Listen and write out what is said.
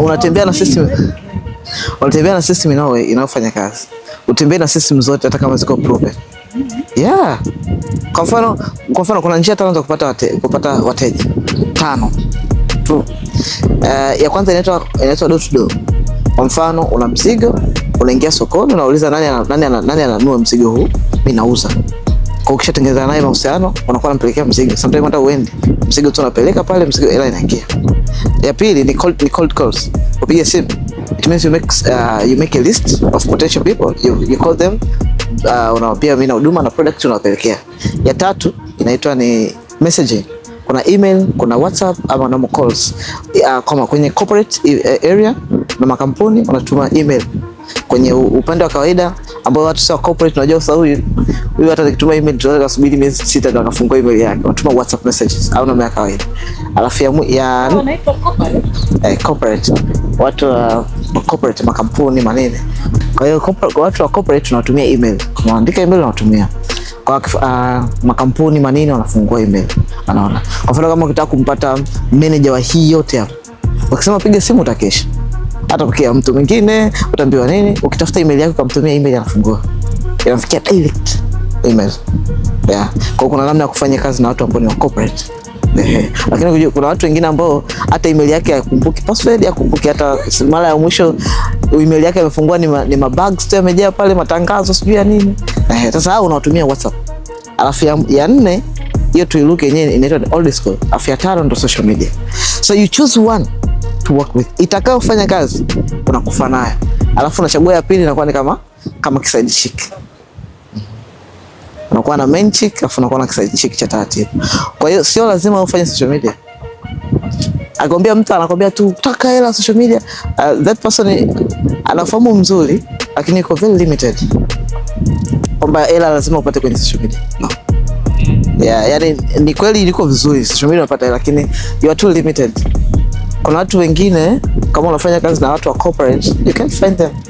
unatembea na system, unatembea na system inao inayofanya kazi. Utembee na system zote hata kama ziko proven. Yeah. Kwa mfano, kwa mfano kuna njia tano za kupata wate, kupata wateja tano tu. Uh, eh, ya kwanza inaitwa inaitwa door to door. Kwa mfano una mzigo, unaingia sokoni, unauliza nani nani nani ananua mzigo huu? Mimi nauza. Kwa kisha tengeneza naye mahusiano, unakuwa unampelekea mzigo. Sometimes hata uende. Mzigo tu unapeleka pale, mzigo ila inaingia. Ya pili ni cold, ni cold calls. Kupiga simu. It means you make uh, you make a list of potential people. You, you call them uh, unawapia mimi na huduma na product unawapelekea. Ya tatu inaitwa ni messaging. Kuna email, kuna WhatsApp ama normal calls. Uh, kama kwenye corporate uh, area na makampuni unatuma email. Kwenye upande wa kawaida ambao watu sio corporate, tunajua sasa, huyu huyu hata nikituma email tunaweza kusubiri miezi sita ndio anafungua email yake, unatuma WhatsApp messages au namna ya kawaida, alafu ya ya oh, eh, corporate watu wa corporate, makampuni manene. Kwa hiyo kwa watu wa corporate tunatumia email, tunaandika email na unatumia kwa uh, makampuni manene wanafungua email, anaona. Kwa mfano kama ukitaka kumpata manager wa hii yote hapo, wakisema piga simu utakesha atakokea mtu mwingine, utaambiwa nini. Ukitafuta email yako ukamtumia email, anafungua inafikia direct email. Yeah. Kwa kuna namna ya kufanya kazi na watu ambao ni wa corporate lakini kuna watu wengine ambao hata email yake hakumbuki password, hakumbuki hata mara ya mwisho email yake amefungua ni, ma, ni mabugs tu yamejaa pale, matangazo sijui ya nini. Sasa hao unawatumia WhatsApp. Alafu ya, ya nne hiyo tuiluke yenyewe inaitwa old school. Alafu ya tano ndo social media. So you choose one to work with, itakayofanya kazi unakufa nayo, alafu unachagua ya pili, inakuwa ni kama kama kisaidi chick, unakuwa na main chick, alafu unakuwa na kisaidi chick cha taratibu. Kwa hiyo sio lazima ufanye social media. Akwambia mtu anakwambia tu taka hela social media, uh, that person anafahamu mzuri, lakini iko very limited kwamba hela lazima upate kwenye social media no. Yeah, yani ni kweli iliko vizuri social media unapata, lakini you are too limited. Kuna watu wengine kama unafanya kazi na watu wa corporate, you can't find them.